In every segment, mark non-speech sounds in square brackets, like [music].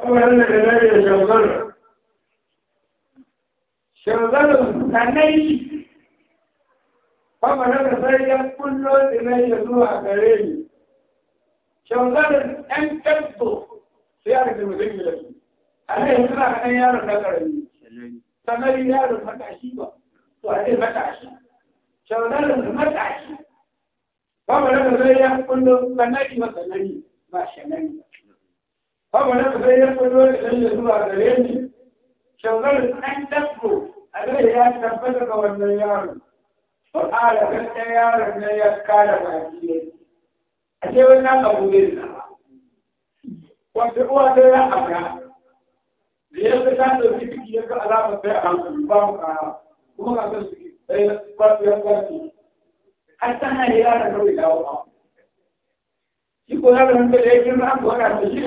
kuma yana da nari da shagalu shagalu sanai kuma na da sai ya kullo tsinai ya zuwa gare ni shagalu ɗan kanto sai ya rike mutum gida a ne yanzu na kaɗan yaron na ƙarami sanari yaron matashi ba to a ce matashi shagalu matashi kuma na da sai ya kullo sanai masanari ba shanari haka na sai ya fito da ɗan da zuwa gare ni shagar ɗan dabbo a zai ya tabbata ga wannan yaro ko ala kan ɗan yaron nan ya kara baki ne a ce wannan na abu ne na wata uwa ta ya aka da ya fi ta ɗauki ciki ya ga alamar sai a hankali ba mu kara kuma ka san su ɗaya ba su yan gwamnati har ta yi yaron kawai dawo ba shi ko har nan da yake nan da shi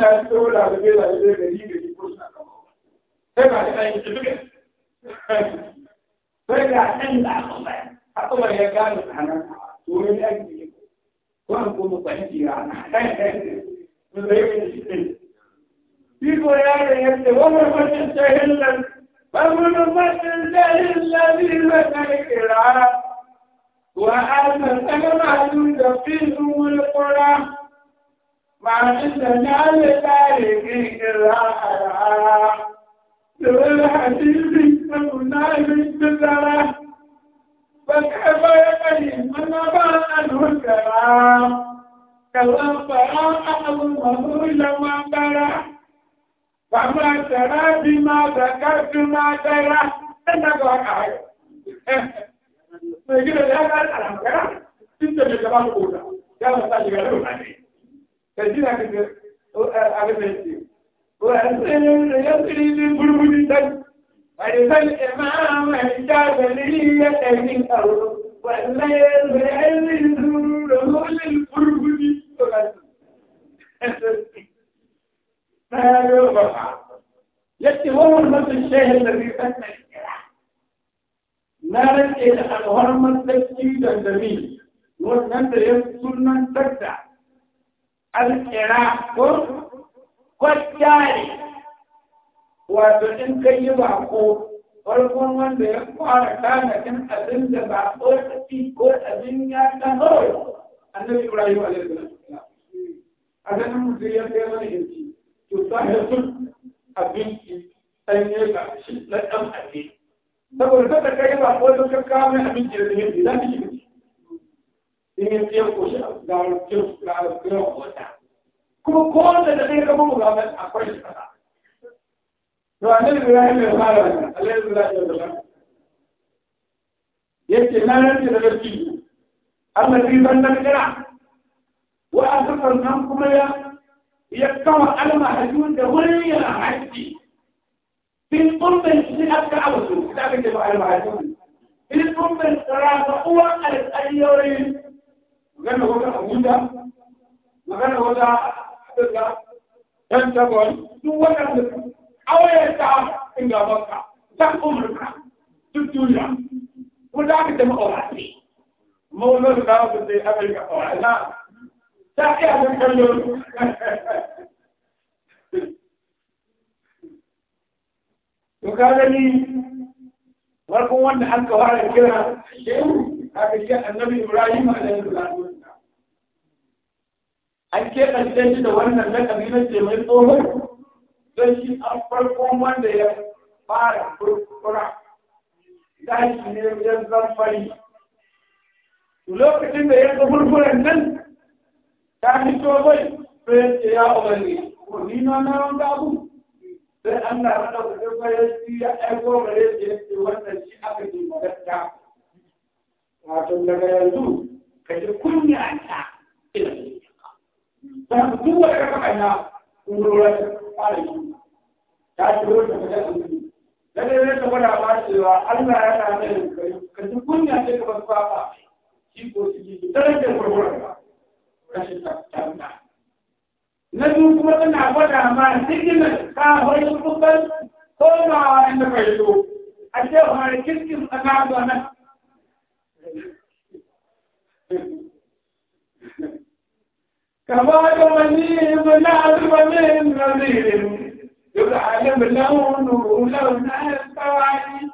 مع أننا لذلك إراء لو الحديث كنا بالجزرة فكيف يقين من أبى عنه الكلام كالأنصار أعظمه لما ترى فما ترى بما ذكرت ما ترى إنك وقعت فكده لا تسأل عن كلام أنت من جمال الأولى يا مساجد الأولى فجينا كده أنا فهمتي وأسلم يسري بالبرود ألف الإمام الجابرية من أرض والليل بعلم زوره للبرود ما يرفع يأتي هرمة الشيخ الذي فتح الكلام نارك إلى أن هرمة تسجيل الجميل وننتهي سنة تكتع alƙira ko kwattare wato in ka yi bako farkon wanda ya fara tanadin abin da ba ko tafi ko abin ya taho annabi ibrahim alaihi salam a ganin mutum ya kai mana yanci to sahihun abinci sanye ga shi na ɗan abinci saboda kada kai ba ko ka kawo da zai yi ki in ya ko shi ga rukin ga rukin wata kuma ko wanda da zai kama muhammad akwai shi kasa to annabi ibrahim ya fara wannan alaihi salatu wasalam yake na rance da gaskiya Allah zai san nan kira wa asafar nan kuma ya ya kama almahajun da wani yana haji bin kumbin shi aka abu su da aka ce ba almahajun bin kumbin tsara ga uwan alƙayyoyin magana wata abuja magana wata adalla dan tabon duk waɗanda auyarta inda baka zan umurka duk duniya kuma za ka zama ƙawace maunar da za zai amurka ƙawace ta iya zan kallo to ka gani farkon wanda an kawara kira shehu haka shi annabi ibrahim alaihi salatu an keɓance shi da wannan lakabi na ce mai tsohon don shi an farkon wanda ya fara kurkura shi ne ya zamfari lokacin da ya ga kurkuren nan ta fi bai sai ya ce ya ubangi ko ni na na wanda abu sai an na da kuma bayan shi ya aiko gare shi ya ce wannan shi aka ke gaskiya wato daga yanzu ka ji kunya ta ilimi don duk wani ka faɗa na ƙurorar fara shi ta ci rota da ɗan mutum da ɗan rasa wada ba cewa Allah ya ta mai ka duk kunya ce ka basu fafa shi ko su ji darajar warware ba rashin tafiya na biyu kuma tana gwada ma sigilin kawai kusan komawa inda bai zo a ce wani kirkin tsakanin تبارك منيب نعلم من نظير يعلم لونه لون السواعي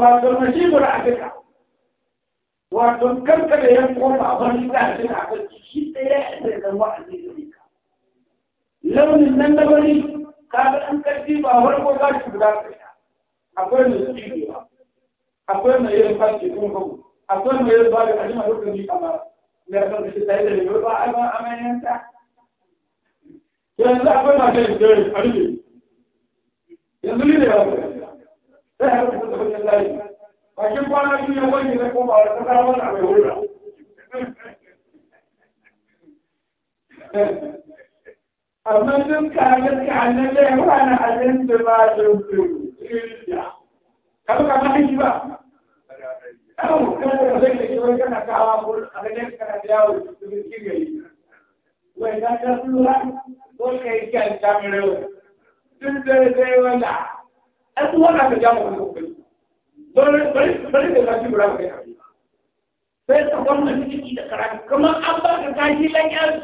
wato mashigar afirka wato karkar ya koma a wani zafi a kwanci shi ɗaya ya ɗaya zama a zai launin nan na wani kaga an karfi ba wani ko za shi guda akwai mai tsiri akwai mai yin fashe kun hagu أقول ما يرضى يعلمها يرضى لي كما لأنه مش السيدة اللي يرضى أما أما ينفع يعني لا أقول ما كان يجوز حبيبي ينزل لي يا رب سهل تدخل الله أشوف أنا في يومين لكم على تسامح على يقولها أما دمك عملك عن الله وأنا علمت ما شفته إرجع كم كم حجبة أو كان يغلق شوي كان كعابل أغلق كان جاول تبكي وإذا تقولها قول كي كان تعملوا تنزل زي ولا أتوقع تجمع المقبل بل بل بل تلاقي برا فيها فيتقوم بنتيجة كلام كما أبغى كاجي لك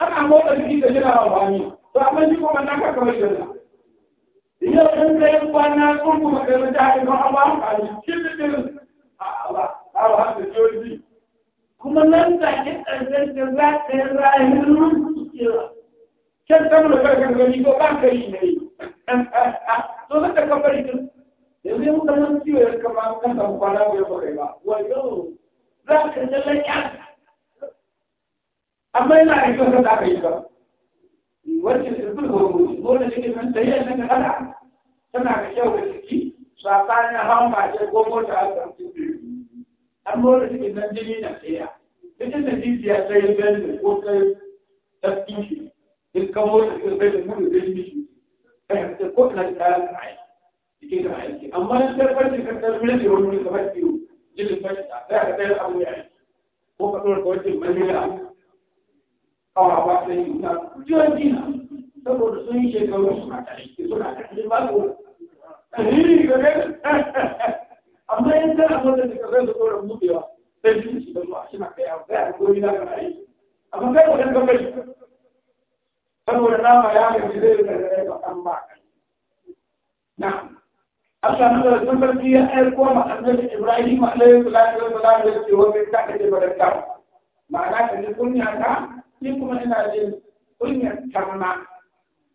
أنا أقول لك إذا جرى أبغاني فأبغى يكون منك كمل جرى yau in ya yi kwana kuma ga mata haɗin ba a ba a cikin bikin a ba a ba kuma nan da ke ɗarshen da za ka yi rayuwar ruwan kira can samu da karkar gani ko ba ka yi ne so zaka ka bari din yanzu yau kan ciwo ya kama kan samu kwana ko ya bari ba wayo za ka yi lafiya amma yana da kyau ka yi ba wajen irfin hormoni dole cikin nan ta yi nan ana tana da kyau da ciki tsakanin hawan mace ko mota a kan an mora cikin nan jini na tsaya cikin da jijiya ta yi bello ko ta yi in ka mota ta yi bello mun da jini shi ta ko na da kai cikin da aiki amma nan tarbar da kan tarbar da wani kamar biyu jinin fashi ta sai abu ya ko ka dora ka wajen manila awa ba ta yi na kujiyar dina saboda sun yi shekaru suna tare suna tare ba ko riri gare amma yin ta a wanda suka zai zuwa da mutuwa sai su shi da zuwa shi na kai a zai a goyi na kan aiki amma kai wajen ka bai saboda nama ya gaji zai da zai ba kan ba kai na Allah na da sun farki ya aiko ma annabi Ibrahim alaihi salatu wa salam da cewa bai ta kace barka ma'ana kan kunya ka ni kuma ina jin kunyar tamma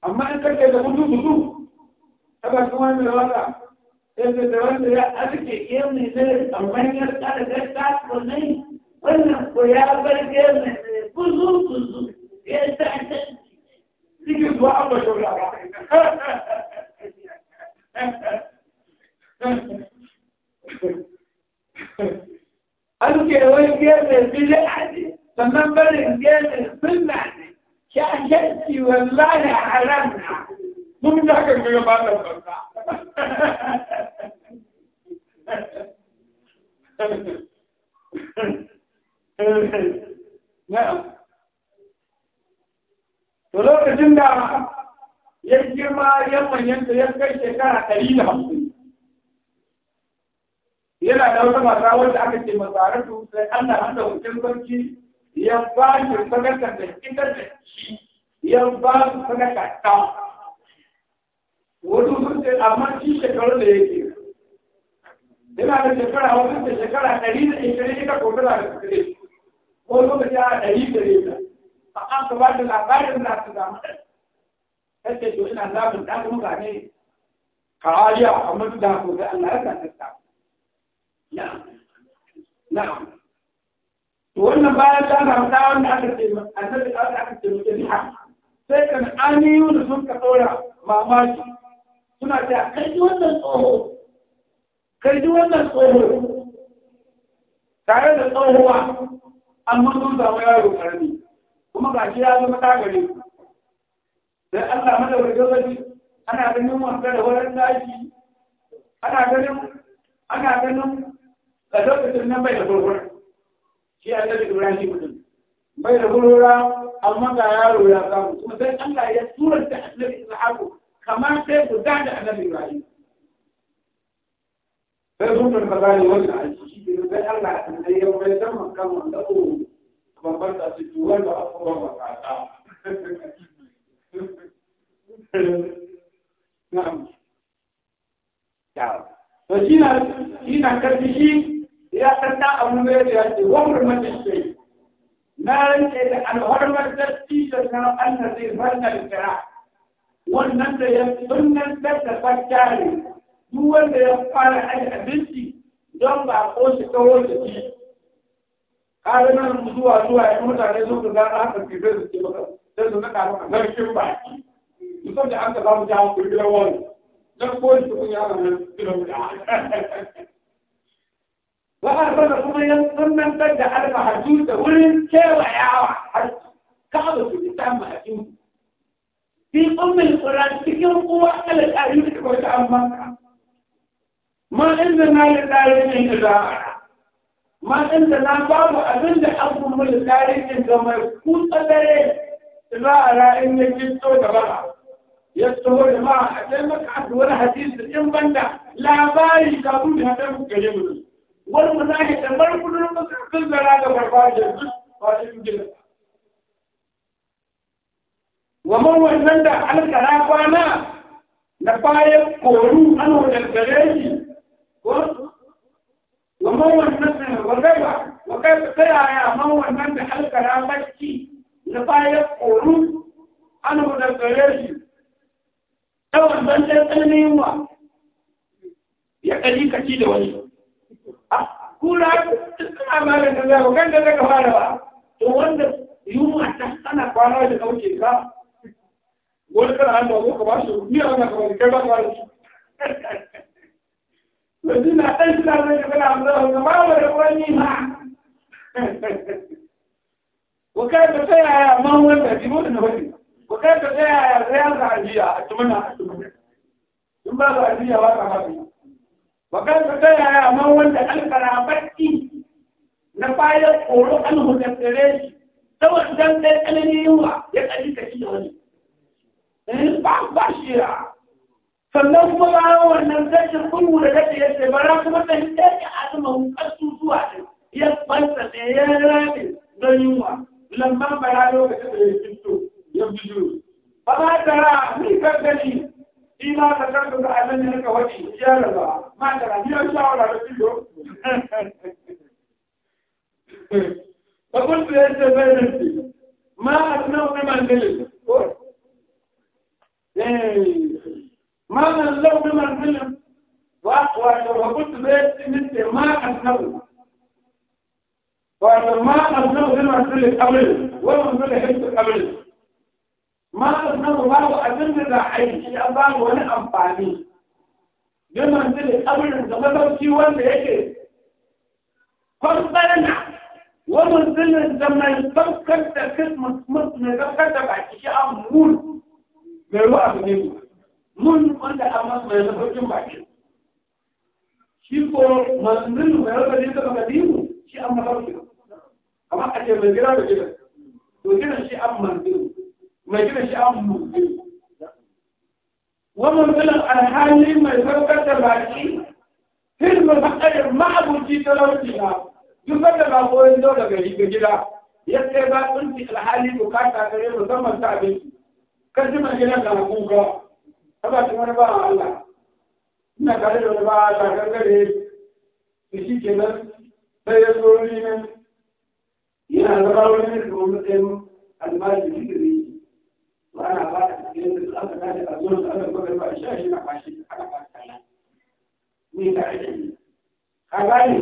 amma in kake da mutu mutu haka kuma mai waka yadda da wanda ya aske kemi ne amma ya tsara da ta kunai wannan ko ya bar kemi ne buzu buzu ya ta ta Sige zuwa an ba shauya ba. An ke wani gefe bile a فمن بلغ جيل السنة شاشتي والله حرمنا ممكن نحكي في بعض نعم lokacin da ya girma ya manyanta ya kai shekara ɗari da hamsin yana da wata mata wadda aka ce masaratu sai Allah an da hukun sarki ya ba shi sadaka da ita da shi ya ba sadaka ta amma shi shekaru da yake yana da shekara da shekara ɗari da ishirin ita ko tana da ko ɗari da a an ka ba da labarin zama to ina zamun ɗan mutane kawariya a duk da ko ga Allah ya san ta ya na'am wannan bayan ta samu ta wanda aka ce annabi aka aka ce mutum biha sai kan aniyu da sun ka tsora mamaki suna ta kai ji wannan tsoho kai ji wannan tsoho tare da tsohuwa amma sun samu yaro karami kuma ga shi ya zama tagare sai Allah madaukakin sarki ana ganin wanda da wurin daki ana ganin ana ganin ka lokacin nan bai da gurgurar shi annabi ibrahim mutum bai da hulura amma ga yaro ya samu kuma sai Allah ya suranta annabi ishaku kamar sai guda da annabi ibrahim sai sun kan kazani wannan aiki shi ke sai Allah ya tsaye ya mai san makan wanda ko babbar ta su tuwa da afuwa ba ta ta na'am ya to shi na shi na karfi shi ya san da abu ne da ya ce wani mace ce na rance da alhormar da tisa na da zai farna da wannan da ya sunan da ta fakkare duk wanda ya fara ai abinci don ba ko shi kawo da shi kare nan zuwa zuwa ya mutane sun riga na haka ke zai suke maka sai su naka maka garkin baki musamman da an ka mu jawo kurgilar wani don ko shi kun ya haka nan kilo guda [laughs] wa'azana kuma yan sannan da alfahaju da wurin kewayawa har ka'aba su ta ma'akin fi ummul qur'an cikin uwa al-qari da kuma ta amma ma inda na yi tsari ne da za'a ma inda na babu abin da an kuma da tsari ne ga mai kutsa dare za'a ra'in ya jinto da bara ya tsoho da ma a taimaka da wani hadisi in banda labari kafin da hadar gare mu والمزاحم تمر كل المصر كل بلاد برباد فاشل ومن وزن ده على كلامنا نبايع كورو أنا والبلاد ومن وزن وكيف وكيف ترى يا من وزن ده على كلامك نبايع كورو أنا والبلاد أول بلد أنا يوم يا كذي كذي ده kura suna malam da zaka kan da zaka fara ba to wanda yunwa ta ana kwana da kauce ka wani kana an dawo ka ba su ni ana ka kai ba ka su wani na ɗan shi na zai da kana amsa ba ba da wani ma wa kai ka ta yaya man wanda ji mun da wani wa kai ka ta yaya sai an ka ajiya a tumuna a tumuna in ba ka ajiya ba ka hafi وكان فتايا يا مو انت قلب على بكي نفايا وروح انه نفتريش سوى خدام تاي قلني يوا يقلي كشيوني نفعش إيه، باشيرا فالناس بقى هو ان نفتش القوة لكي يسي براك ما تهتاك عدم هم قصوا سواك يتبسط يا راجل ده يوا لما برا لو كتبه يتبسو يبجو فما ترى في كبالي shi ma ka karɓi da annabi na kawai ya raba ma da rajiyar shawara da filo فقلت يا جبال ما أثنوا بما نلت abu ne mun wanda an masu mai mafarkin baki shi ko manzannin mai rabar ne ta makadimu shi an mafarkin amma a ce mai gira da gina to gina shi an manzannin mai gina shi an manzannin ومن من الحالي ما يفكر دلوقتي في المحقق ما أبو جي تلوتيها يفكر بابوين دولة غريبة جدا يكتبا أنت الحالي بكاتا كريم وزمن تابين kan jima gina da hukunka kaba ci wani ba Allah ina kare da wani ba Allah gangare da shi ke nan sai ya zo wuri nan yana zama wani ne da wani tsayin almaji fitiri ba ana ba da cikin da aka gane a zuwa da aka gwada ba shi shi na kwashi aka ba ta nan ni da ake yi ka gane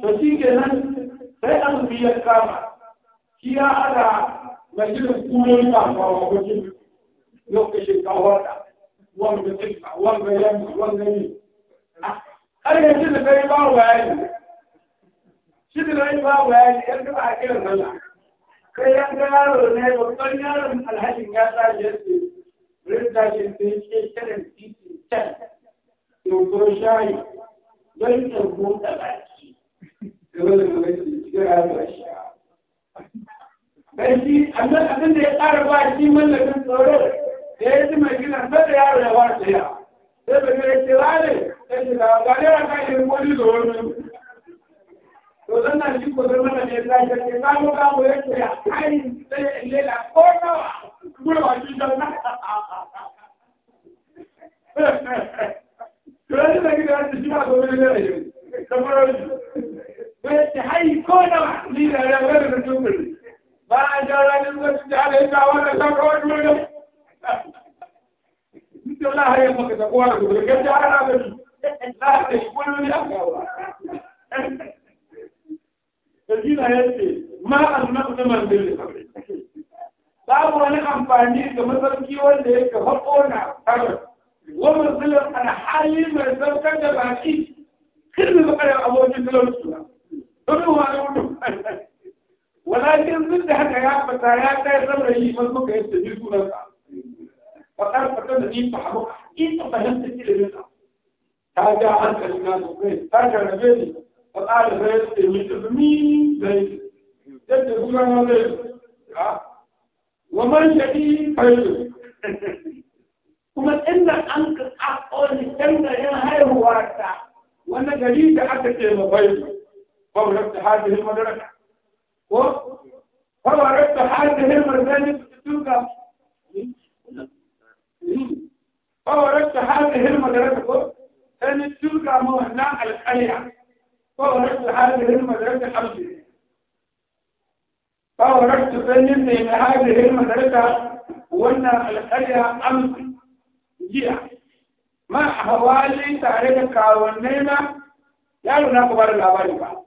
to shi ke nan sai an biyar kama shi ya ada majalis kuma yana ba wa wajen يوقش الكهوات ومن تسمع ومن يمس ومن يمين أنا جد في بعض وعلي جد في بعض وعلي أنت بعد كده طلع كي ينقلوا لنا وطلعوا من الهجم يطلع جسدي ردا جسدي شيء كلام تيجي تان يوقف شاي لن تكون تبعتي يقول لك بس تجرى الأشياء بس أنا أنا اللي أعرف عن شيء من اللي بنصوره da ya ji mai gidan sai da yaro ya ba shi ya sai da ya ce wale sai shi da ga ne a kan yin wani da wani to zan na shi ko zan mana ne ta ce ke kamo kamo ya ce ai sai ya lela ko nawa kuma ba shi da na to ya ji da gidan shi ba gobe ne ne kamar ya ce hai ko nawa ni da ya wani da tukuri ba a jara ne zai ci da ya ta wani da kawai dole انت لا هي مك تقوال تقول كيف تعرف هذا لا يقول لي الجيل هيتي ما المقدم بالخبر babu wani amfani ga mazarki wanda yake haƙo na tabar wani zilar ana hali mai zarkar da baki kirkin zakarar abokin zilar suna don ruwa da mutum walakin zin da haka ya fata ya kai saboda yi masu ka yi tafi sunansa san da ni fahimu in ka fahimta ilimin ka ta ga hankali na sosai ta karbe ni ta tsara zai ce min ilimi zai yadda zuwa na zai wa man shaɗi fahimta kuma inda an ka ƙaƙo ni canza yin haihuwa ta wani gari da aka ce ma fahimta ba mu rasta hajjihin madaraka ko ba mu rasta hajjihin madaraka فوردت هذه المدرسة أن تلقى مهنا القرية فوردت هذه المدرسة حمدي فوردت فنن من هذه المدرسة وأن القرية أمس جيا ما حوالي تاريخ كاونينا يا لنا كبار الأباريبا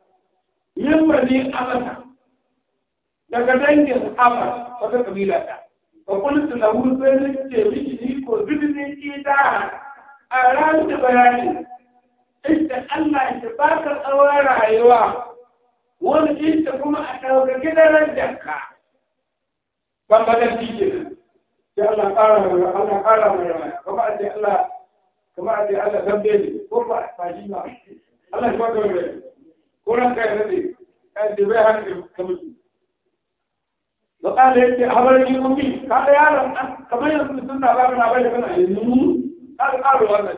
من بني أمسا daga dangin Abbas wata kabila ta. Wa kullu lahu sanin ce positive ita a ran da bayani inda Allah ya baka tsawon rayuwa wani inda kuma a ɗaukaki darajar ka ban ba da shi sai Allah ƙara mai Allah ƙara mai rana kuma a ce Allah kuma a ce Allah zambe ne ko ba a fashi ba Allah shi ba ka mai ko ran kai ne kai ce bai hankali kamar وقال يا حبيبي آه، أمي قال يا رب كما يرسل السنة بابنا بابنا قال قالوا أنا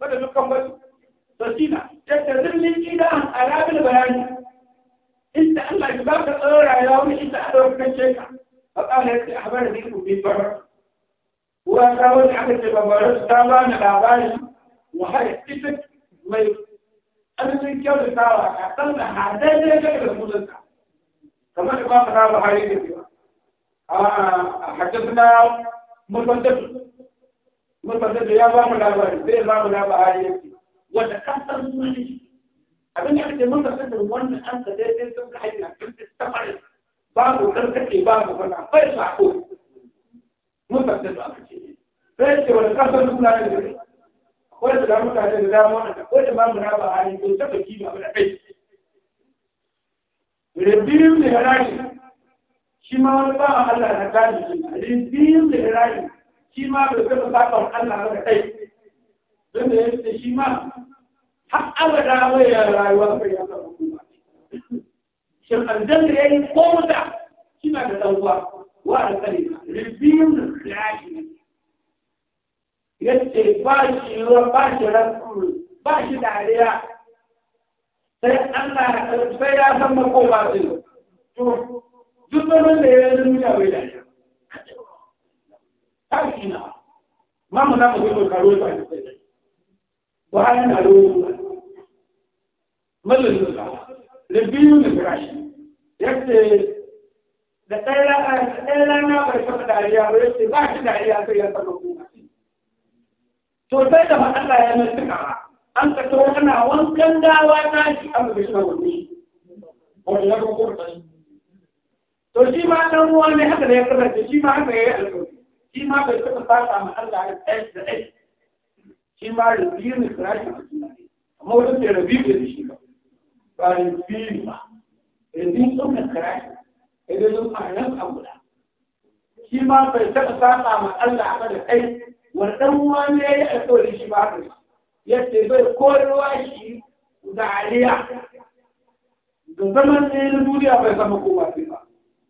بدأ يكمل فسينا تتذلني إلى أن أراب البيان أنت الله يبارك أرى أه، يا أمي أنت أدرك الشيخ فقال يا حبيبي أمي بحر وأقول حبيبي بابنا سلامنا بابنا وهي تفك ما يقول أنا من كيف تعرف أصلا هذا لا يجب أن يكون كما الإمام نام عليه حدثنا مسدد مسدد يا بام الأباري زي بام الأباري ولا كثر مني abin da ake mun kasar da wannan an ka daidai sun ka hanya sun ta tafari babu karkace babu fana bai sako mun kasar da aka ce sai ce wani kasar da mutane da akwai da mutane da dama wannan akwai da bamu na ba hali ko ta baki ba da kai rabin lirayi shi ma wani ba a Allah na gani shi rabin lirayi shi ma bai taɓa saƙon Allah na kai don da ya shi ma har abada mai rayuwa kai ya samu kuma shin aljan da yayi ko muta kina da dan uwa wa alƙali rabin lirayi yace ba shi ba shi rasul ba shi dariya sai Allah sai ya san makoma zai to duk zaman da ya yi duniya bai da ta shi ma mu na mu zo karo ta ne bayan da ruwa mallin da da biyu da firashi yace da ɗaya rana ɗaya rana bai dariya ba yace ba shi dariya sai ya saba kuma to sai da Allah ya nuna an ka to ana wankan dawa ta shi an bi suna wani wani ya ga kurta to shi ma dan ruwa ne haka ne ya kasance shi ma haka ya yi alƙawari shi ma bai taɓa saka ma Allah ya tsaye da tsaye shi ma rubiyu ne kira shi amma wata ce rubiyu ne shi ba ba rubiyu ba rubiyu sun ne kira shi idan sun ma'anar abuda shi ma bai taɓa saka ma Allah ba da tsaye wani dan ruwa ne ya yi alƙawari shi ma haka yadda bai koyarwa shi dariya da zaman da yin duniya bai zama kowa sai ba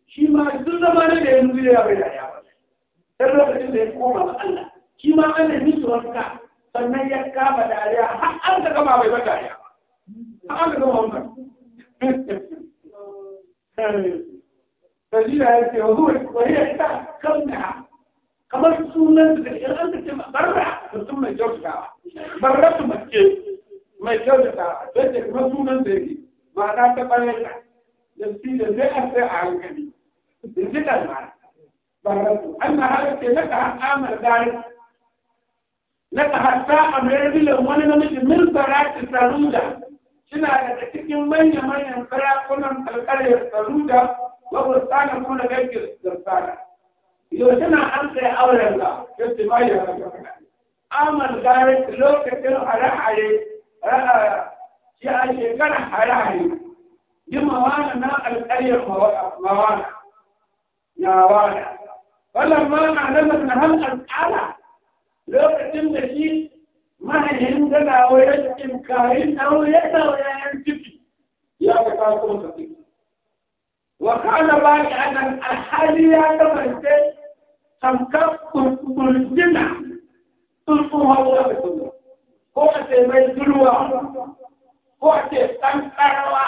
shi ma duk zama ne da yin duniya bai dariya ba sai lokacin da ya koma ga Allah shi ma an da nisuwarka sannan ya kama dariya har an ta gama bai ba dariya ba har an ka gama wannan [laughs] Sajina ya ce, "Wazo, wani ya ita kamna, kamar sunan da ƙirƙirar da ce barra, mutum mai kyautata barratu mace mai kyautata don ta kuma sunan da yake ma'ana ta ɓararta da su da zai a sai a hankali da ji kalma barratu an na haka ce na ka amar dari na ka hatta a mayar wani namiji min barati saruda suna daga cikin manya-manyan sarakunan alƙaryar saruda wabu tsanin kuma da gaggir da tsara yau tana an tsaye auren da yadda ma yi haka عمل ذلك لو كتير على عليه آه، في أشياء كان على عليه دي موانا ما الأي موانا يا وانا فلما ما نعلمك نهم الحالة لو كتير نشيء ما يهندنا ويجب إمكارين أو يدا ويجبين يا كتابون كتير وقال باقي أن الأحالية تمنتج تنكب كل جنة sulfun hausa da kullum ko a ce mai zulwa ko a ce ɗan ƙarawa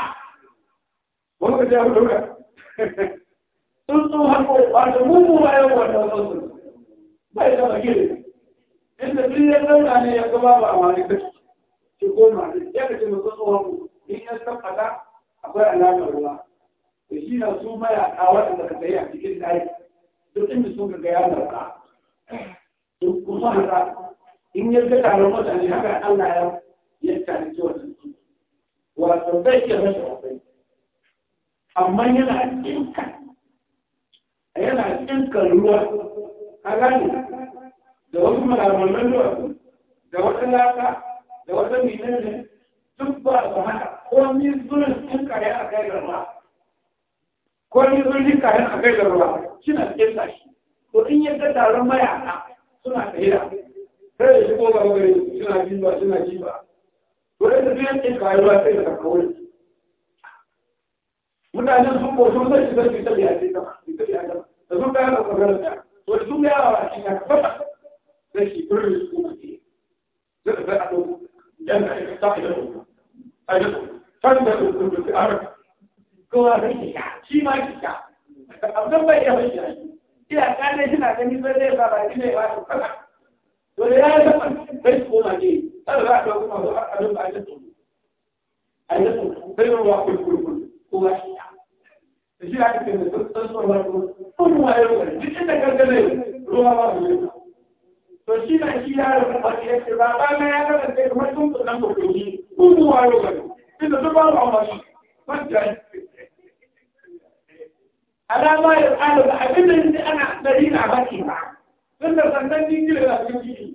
wani ka jawo duka sulfun hausa wato mummu ba yau wata wasu bai da bagire inda duk ya zauna ne ya gaba ba a wani kashi ki goma ya kace mu tsohon mu in ya tabbata akwai alamar ruwa da shi na su maya a waɗanda ka tsaye a cikin ɗaki duk inda sun ga ya zarta in ya ga haka ya amma yana tsinka yana tsinka ruwa a gani da wasu malaman ruwa da wata laka da wata menene duk ba su haka ko ni zurin tsinka a kai da ruwa ko ni zurin tsinka a kai da ruwa shi na tsinka shi to in ya ga taron mayaka 是哪里的？这也是过到那里，进来进吧，进来进吧。我也是边边开出来，这个客人。我们就从我说这几个比较年轻的，比较年轻的，什么干部干部的，我重要啊，重要。那媳妇是书记，这个干部，原来当干部，干部，当干部，干部，干部，干部，干部，干部，干部，干部，干部，干部，干部，ina kane kina gani sai zai ba baki ne ba su kana to da ya zama bai koma ne sai za ka kuma zo a nan ba ta tsoro a yi tsoro sai mun wa kulkul ko ba shi da shi ake kan da tsoro ba ko kun wa yau ne duk inda kankane ruwa ba ne to shi na shi ya rufe wani ya ce ba ba na ya kasance kamar tun tsunan kokoni kun wa yau ne inda duk ba mu amma shi أنا ما يفعل أبن اللي أنا دليل عبكي معه فإن فنان دي كل الأبن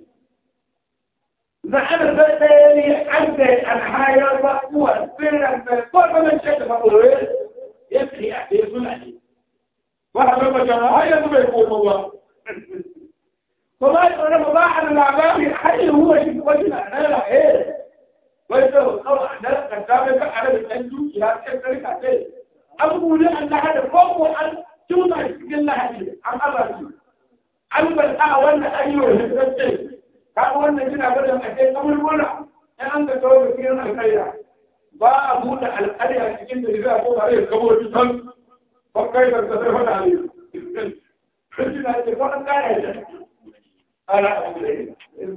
إذا أنا بقتالي عدد الحياة مقوى سرا فقط من شكل مقوى يسري أحيث عليه واحد لما كان هيا ما يقول الله فما أنا مباح العبابي حي هو يجب وجهنا أنا لا إيه ويجب الخلق أنا لا أتابع أنا بتأنجو جهاز كثير كثير an bude an lahadi ko ko an tuta cikin lahadi an aza shi an bata wannan ayyuka hidrace kaga wannan kina gudun a kai kamar in an ka kawo ga kiran alƙarya ba a buɗe alƙarya cikin da za a ko tare da kabo shi san bakai da ta sai fada ne shi na ce ko an kare shi ala